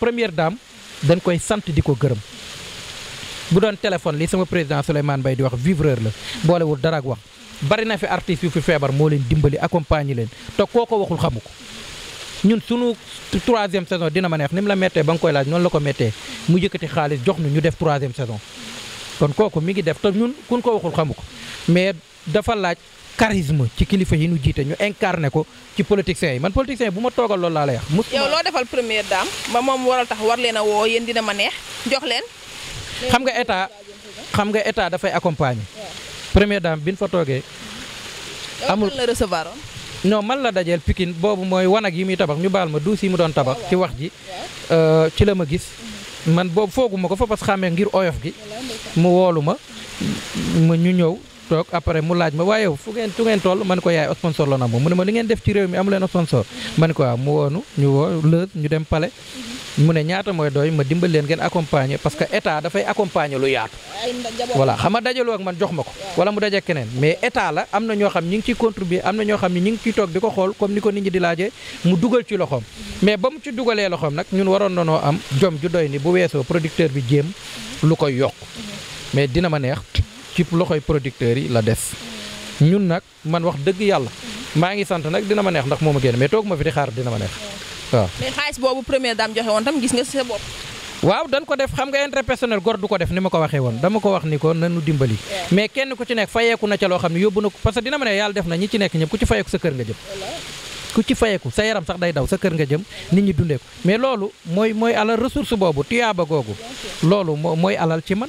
première dame dañ koy sant di ko gërëm bu doon téléphone li sama président Souleymane Bay di wax vivreur la boolewul dara ak wax bari na fi artiste yu fi feebar moo leen dimbali accompagner leen te koo ko waxul xamuko ñun sunu troisième saison dina ma neex ni mu la méttee ba nga koy laaj noonu la ko méttee mu yëkkati xaalis jox ñu ñu def troisième saison kon kooku mi ngi def te ñun kun ko waxul xamuko mais dafa laaj charisme ci kilifa yi nu jiite ñu incarné ko ci politiciens man politiciens yi bu ma toogal loolu laa lay wax. mosuma yow loo defal première dame ba moom waral tax war leen a woo yéen dina ma neex jox leen. xam nga état xam nga état dafay accompagner. première dame bi fa toogee. amul kan la recevoir non man la dajeel Pikine boobu mooy wanag yi muy tabax ñu baal ma duus mu doon tabax ci wax ji euh, ci la ma gis. man boobu fooguma ko fa parce que ngir oyof gi mu ma ñu toog après mu laaj ma waaye fu ngeen fu ngeen toll ko yaay sponsor la na mu ne ma li ngeen def ci réew mi amu leen sponsor man ko waaw ah, mu ñu woo ñu dem pale mu ne ñaata mooy doy ma dimbal leen ngeen accompagner parce que état dafay accompagner lu yaatu voilà xam nga dajaloo ak man jox ma ko wala mu daje keneen mais état la am na ñoo xam ñi ngi ciy contribuer am na ñoo xam ne ñi ngi ciy toog di ko xool comme ni ko nit ñi di laajee mu dugal ci loxoom mm-hmm. mais ba mu ci dugalee loxoom nag ñun waroon nanoo am jom ju doy ni bu weesoo producteur bi jéem lu koy yokk mm-hmm. mais dina ma neex ci loxoy producteurs yi la des ñun nag man wax dëgg yàlla maa ngi sant nag dina ma neex ndax moo ma génn mais toog fi di xaar dina ma neex waaw. mais woon tam gis nga si waaw dañ ko def xam nga intérêt personnel gor du ko def ni ma ko waxee woon dama ko wax ni ko nanu dimbali mais kenn ku ci nekk fayeeku na ca loo xam ne yóbbu na ko parce que dina ma ne yàlla def na ñi ci nekk ñëpp ku ci fayeeku sa kër nga jëm ku ci fayeeku sa yaram sax day daw sa kër nga jëm nit ñi dundee ko mais loolu mooy mooy alal ressource boobu tuyaaba googu loolu mooy alal ci man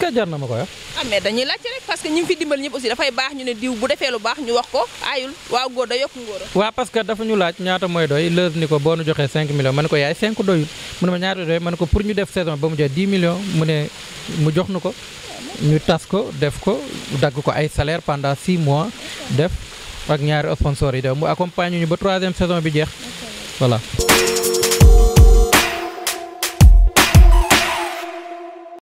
est-ce que jar na ma koy wax. ah mais dañuy laajte rek parce que ñi ngi fi dimbali ñëpp aussi dafay baax ñu ne diw bu defee lu baax ñu wax ko aayul waaw góor da yokk ngóor waaw parce dafa ñu laaj ñaata mooy doy leuse ni ko boo nu joxee 5 millions ma ne ko yaay 5 doyul mu ne ma ñaata doy ma ne ko pour mu jox 10 ne mu jox nu ko ñu tas ko def ko dagg ko ay salaire pendant 6 mois def ak ñaari sponsor yi def mu accompagne ñu ba troisième saison bi jeex voilà